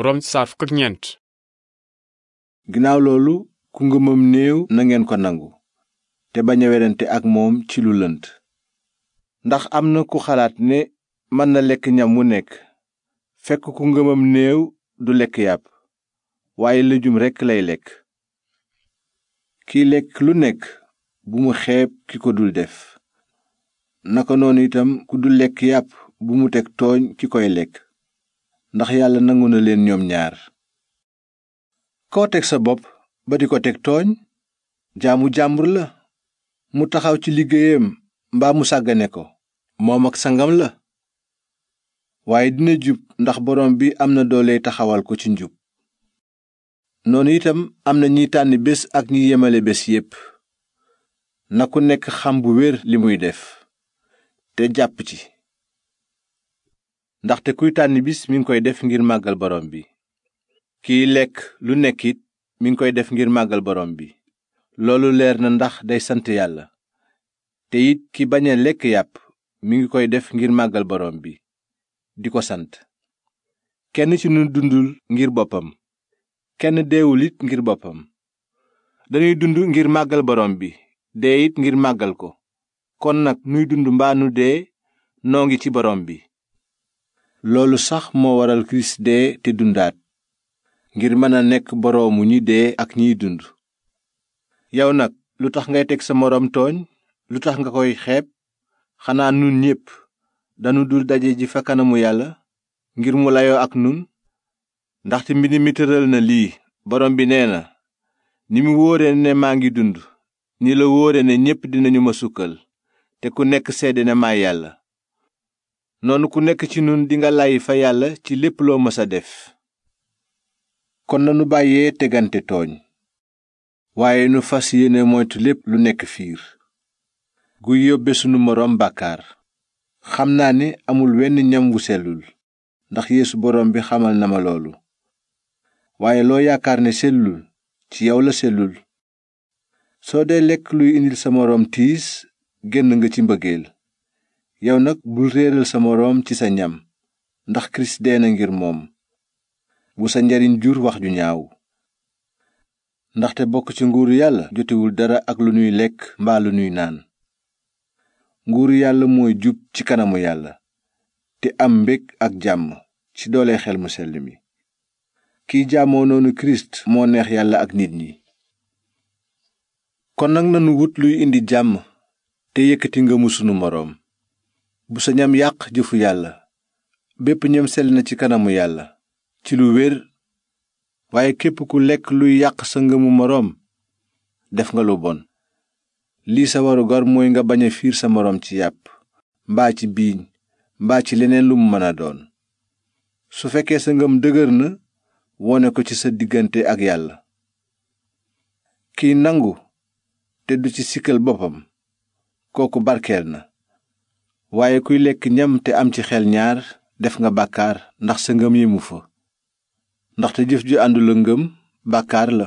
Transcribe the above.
rom saar ñeent ginnaaw loolu ku ngëmam néew nangeen ko nangu te bañ a werante ak moom ci lu lënt ndax am na ku xalaat ne mën na lekk ñam mu nekk fekk ku ngëmam néew du lekk yàpp waaye lëjum rekk lay lekk kiy lekk lu nekk bu mu xeeb ki ko dul def naka noonu itam ku du lekk yàpp bu mu teg tooñ ki koy lekk ndax yàlla nangu na leen ñoom ñaar koo teg sa bopp ba di ko teg tooñ jaamu jàmbur la mu taxaw ci liggéeyam mbaa mu sàggane ko moom ak sangam la waaye dina jub ndax borom bi am na doole taxawal ko ci njub noonu itam am na ñiy tànn bés ak ñi yemale bés yépp na ku nekk xam bu wér li muy def te jàpp ci ndaxte kuy tànn bis mi ngi koy def ngir màggal borom bi kiy lekk lu nekkit mi ngi koy def ngir màggal borom bi loolu leer na ndax day sant yàlla te it ki bañ a lekk yàpp mi ngi koy def ngir màggal borom bi di ko sant kenn ci nu dundul ngir boppam kenn deewul it ngir boppam dañuy dund ngir màggal borom bi dee ngir màggal ko kon nag nuy dund mbaa nu dee noo ngi ci borom bi loolu sax moo waral kirist dee te dundaat ngir mën a nekk boroomu ñi dee ak ñiy dund yow nag lu tax ngay teg sa moroom tooñ lu tax nga koy xeeb xanaa nun ñépp danu dul daje ji fa kanamu yàlla ngir mu layoo ak nun ndaxte mbind mi tëral na lii borom bi nee na ni mu wóore ne maa ngi dund ni la wóore ne ñépp dinañu ma sukkal te ku nekk seede ne maay yàlla noonu ku nekk ci nun dinga lay fa yàlla ci lépp loo mës a def kon nanu bàyyee tegante tooñ waaye nu fas yéene moytu lépp lu nekk fiir guy yóbbe sunu moroom bàkkaar xam naa ni amul wenn ñam wu sellul ndax yéesu boroom bi xamal na ma loolu waaye loo yaakaar ne sellul ci yow la sellul soo dee lekk luy indil sa moroom tiis génn nga ci mbëggeel yow nag bul réeral sa moroom ci sa ñam ndax kirist dee na ngir moom bu sa njariñ jur wax ju ñaaw ndaxte bokk ci nguur yàlla jotewul dara ak lu ñuy lekk mbaa lu nuy naan nguur yàlla mooy jub ci kanamu yàlla te am mbég ak jàmm ci doole xel mu sell mi kiy jaamoo noonu kirist moo neex yàlla ak nit ñi kon nag nanu luy indi jàmm te yëkkati ngëmu sunu moroom bu sa ñam yàq jëfu yàlla bépp ñam sell na ci kanamu yàlla ci lu wér waaye képp ku lekk luy yàq sa ngëmu moroom def nga lu bon lii sa waru gar mooy nga bañ a fiir sa moroom ci yàpp mbaa ci biiñ mbaa ci leneen lu mu mën a doon su fekkee sa ngëm dëgër na wone ko ci sa diggante ak yàlla kiy nangu te du ci sikkal boppam kooku barkeel na waaye kuy lekk ñam te am ci xel ñaar def nga bàkkaar ndax sa ngëm mu fa ndaxte jëf ju àndul a ngëm bàkkaar la